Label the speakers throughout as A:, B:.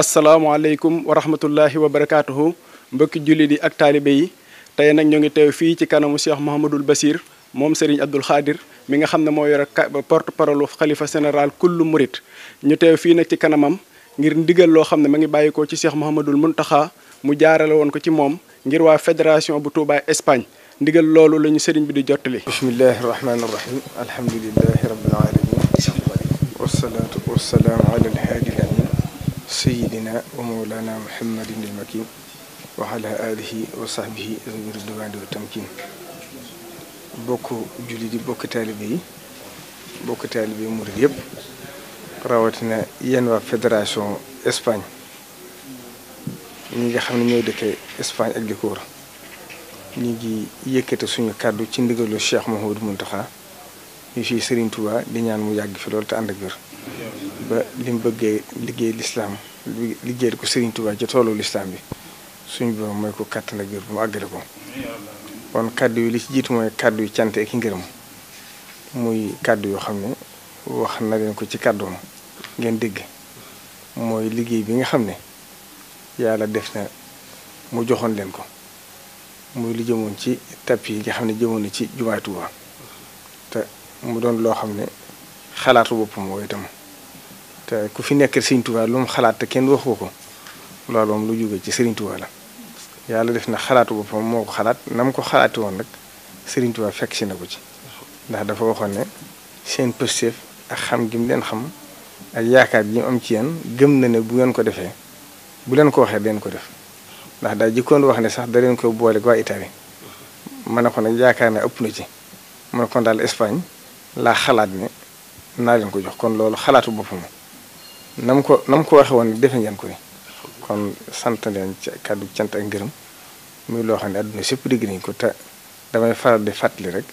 A: asalaamaaleykum wa rahmatullahi wa barakaatuhu mbokki jullit yi ak taalibe yi tey nag ñoo ngi teew fii ci kanamu Cheikh Mouhamadul Basir moom Serigne Abdoul Khadir mi nga xam ne moo yore porte parole xalifa sénéral kullu murit ñu teew fii nag ci kanamam ngir ndigal loo xam ne ma ngi bàyyikoo ci Cheikh Mouhamadul Mountakha mu jaarale woon ko ci moom ngir waa fédération bu Touba Espagne ndigal loolu lañu sëriñ bi di jottali. bismillahi rahmaani rahim alhamdulillahi rabbil alamin wasalaatu wasalaamu ala alhaadi alamin sayidina wa mawlana muhammadin al makin wa ala alihi wa sahbihi ridwani wa tamkin bokk jullit yi bokk taalibe yi bokk taalibe yi murid yëpp rawatina yenn waa fédération Espagne ñi nga xam ne ñooy dëkkee Espagne ak li ko wër ñu ngi yëkkate suñu kàddu ci ndigalu Cheikh Mouhamadou Mountakha ñu si Serigne Touba di ñaan mu yàgg fi loolu te ànd ak ba li bëggee liggéey lislaam liggéeyal ko Serigne Touba ci toolu lislaam bi suñ borom mooy ko kàttan ak wér bu mu àggale ko. kon kàddu yi li ci jiitu mooy kàddu yu cant ak ngërëm muy kàddu yoo xam ne wax na leen ko ci kàddoom ngeen dégg mooy liggéey bi nga xam ne yàlla def na mu joxoon leen ko muy li jëmoon ci tapp yi nga xam ne jëmoon na ci jumaay Tuuba te mu doon loo xam ne xalaatu boppam mooy itam te ku fi nekk Sëriñ Tuuba lu mu xalaat te kenn waxu ko loolu moom lu jóge ci Sëriñ Tuuba la yàlla def na xalaatu boppam moo ko xalaat na ko xalaati woon rek Serigne Touba fekk si na ko ci ndax dafa waxoon ne seen pësteef ak xam gi leen xam ak yaakaar gi ñu am ci yéen gëm na ne bu ngeen ko defee bu leen ko waxee den ko def ndax daa jikkoon wax ne sax daleen leen koy boole waa Italie ma ne ko nag yaakaar ne ëpp na ci ma ne kon daal Espagne laa xalaat ne naa leen ko jox kon loolu xalaatu boppam na ko na ko waxee woon defe ngeen ko kon sant leen ci kàddu cant ak ngërëm. muy loo xam ne àdduna sépp dégg nañ ko ta damay faral di fàttali rek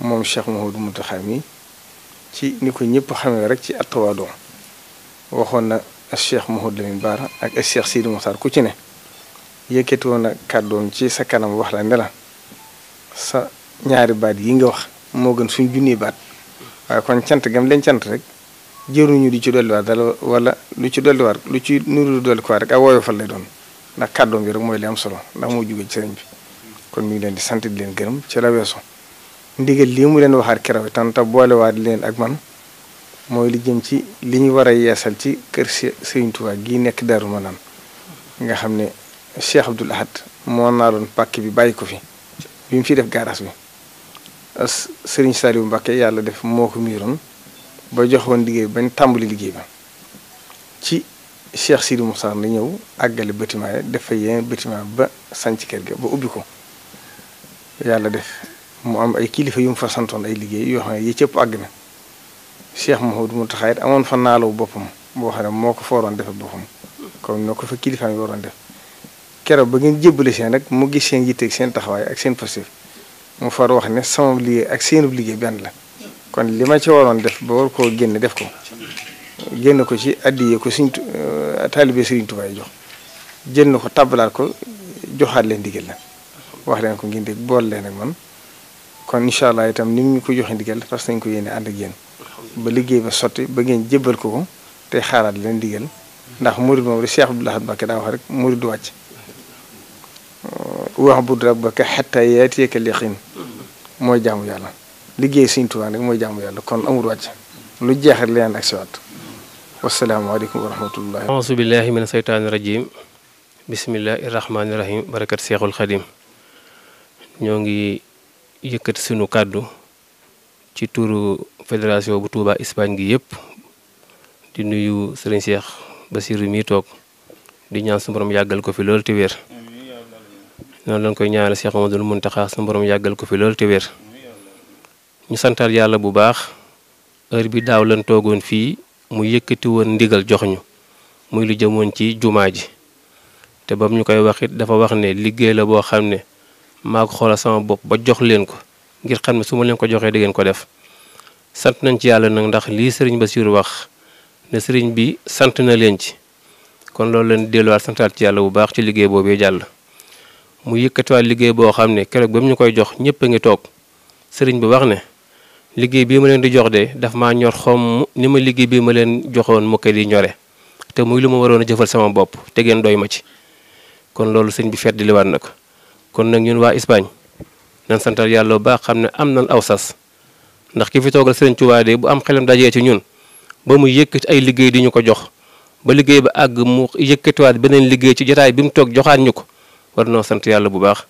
A: moom Cheikh Mouhamadou Mountakha mi ci ni ko ñëpp xamee rek ci attawaadoo waxoon na ak Cheikh Mouhamadou Lamine Bara ak ak Cheikh Sidi Moukhtar ku ci ne yëkkati woon na kàddoom ci sa kanam wax la ne sa ñaari baat yi nga wax moo gën suñ junni baat waaye kon cant gam leen cant rek jëruñu di ci dolliwaat dala wala lu ci dolliwaat lu ci nuru dolli ko rek a ak woyofal lay doon ndax kàddoom bi rek mooy li am solo ndax moo jóge ci sëriñ bi kon mi ngi leen di sant di leen gërëm ci la weesu ndigal lii mu leen waxaat keroog itam te boolewaat leen ak man mooy li jëm ci li ñu war a yeesal ci kër Sëriñ Tuubaa gii nekk Daaru Manaan nga xam ne Cheikh Abdoul Ahad moo naaloon pàkk bi bàyyi ko fi bi mu fi def gaaraas bi as Sëriñ Saliou Mbacke yàlla def moo ko miiroon ba woon liggéey bañ tàmbali liggéey ba Cheikh Sidi Moussa na ñëw àggale bâtiment def fa yeneen bâtiment ba sanc kër gi ba ubbi ko yàlla def mu am ay kilifa yu mu fa santoon ay liggéey yoo xam ne yi cëpp àgg na Cheikh Mouhamadou Mountakha amoon fa naalawu boppam boo xam ne moo ko fa waroon defee boppam comme noo ko fa kilifaam yi waroon def keroog ba ngeen jébbale seen rek mu gis seen yitteeg seen taxawaay ak seen passif mu far wax ne sama liggéey ak seenub liggéey benn la kon li ma ci waroon def ba war koo génne def ko génn ko ci addiyee ko suñ euh, taalibe Serigne Touba jox jël na ko tàbbalaat ko joxaat leen ndigal la wax leen ko ngir di bool leen rek man kon incha allah itam ni ñu ko joxe ndigal parce que nañ ko yéene ànd ak ba liggéey ba sotti ba ngeen jébbal ko ko te xaaraat leen ndigal ndax murid moom rek Cheikh Abdou Lahad Mbacké daa wax rek murid du wàcc euh, wa'bud rabbaka hattaa yaatiyaka al-yaqiin mooy jaamu yàlla liggéey Sëriñ Tuubaa rek mooy jaamu yàlla kon amul wàcc lu jeexal leen ak wasalaamaaleykum wa rahmatullah
B: aousu billahi min seytaani rajim bismillahi rahmaani rahim barakat seexul xadim ñoo ngi yëkkati sunu kàddu ci turu fédération bu Touba Espagne gi yëpp di nuyu sëriñ ba Bassirou mi toog di ñaan su borom yàggal ko fi loolu te wér noonu lañ koy ñaanal Cheikh Amadou Mountakha su yàggal ko fi loolu te wér ñu santaat yàlla bu baax heure bi daaw lan toogoon fii mu yëkkati woon ndigal jox ñu muy lu jëmoon ci jumaa ji te bam ñu koy wax it dafa wax ne liggéey la boo xam ne maa ko xoolal sama bopp ba jox leen ko ngir xam ne su ma leen ko joxee dangeen ko def sant nañ ci yàlla nag ndax lii sëriñ ba Bassirou wax ne sëriñ bi sant na leen ci kon loolu leen delluwaat santaat ci yàlla bu baax ci liggéey boobu jàll. mu yëkkatiwaat liggéey boo xam ne keroog ba mu ñu koy jox ñëpp a ngi toog sëriñ bi wax ne. liggéey bii ma leen di jox de dafa maa ñor xom ni ma liggéey bii ma leen joxoon mu ko di ñore te muy lu ma waroon a jëfal sama bopp te ngeen doy ma ci kon loolu sëñ bi fedd liwaat na ko kon nag ñun waa Espagne nan santal yàlla bu baax xam ne am nañ aw sas ndax ki fi toogal sëriñ Tuubaa de bu am xelam dajee ci ñun ba mu yëkkati ay liggéey di ñu ko jox ba liggéey ba àgg mu yëkkatiwaat beneen liggéey ci jataay bi mu toog joxaat ñu ko war noo sant yàlla bu baax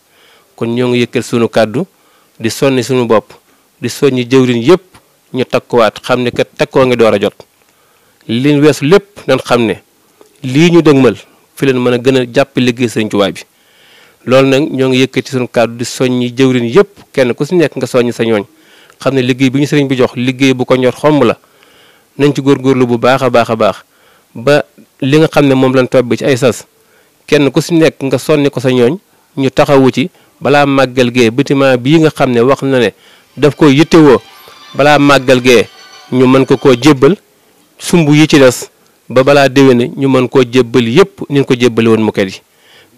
B: kon ñoo ngi yëkkal sunu kàddu di sonni sunu bopp di soññi jëwriñ yëpp ñu takkuwaat xam ne kat takkoo ngi door a jot liñ weesu lépp nañ xam ne lii ñu mal fi leen mën a gën a jàpp liggéey Sëriñ Tuubaa bi loolu nag ñoo ngi yëkkati suñu kàddu di soññi jëwriñ yëpp kenn ku si nekk nga soññi sa ñooñ xam ne liggéey bi ñu sëriñ bi jox liggéey bu ko ñor xomb la nañ ci góorgóorlu bu baax a baax a baax ba li nga xam ne moom lañ tobbee ci ay sas kenn ku si nekk nga sonni ko sa ñooñ ñu taxawu ci balaa màggal gee bâtiment bii nga xam ne wax na ne daf ko yittewoo balaa màggal gee ñu mën ko koo jébbal sumb yi ci des ba balaa déwéne ñu mën koo jébbal yépp ni ko jébbale woon mu yi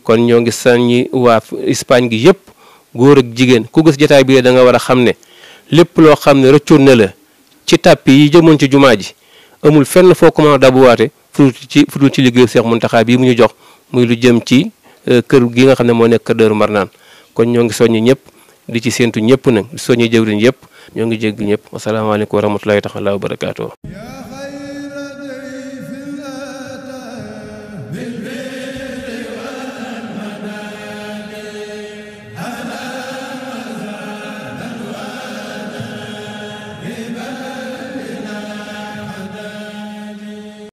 B: kon ñoo ngi sànni waa Espagne gi yépp góor ak jigéen ku gis jataay bi da nga war a xam ne lépp loo xam ne rëccoon na la ci tàpp yi jëmoon ci jumaa ji amul fenn foo ko mën a dabuwaate ci fudul ci liggéeyu Seex Muntaxa bii mu ñu jox muy lu jëm ci euh, kër gi nga xam ne moo nekk kër Daaru kon ñoo ngi soññ ñëpp di ci séentu ñëpp nag soññi jëwriñ yëpp ñoo ngi jégg ñëpp wasalaamaaleykum wa rahmatulahi taala wa barakaatu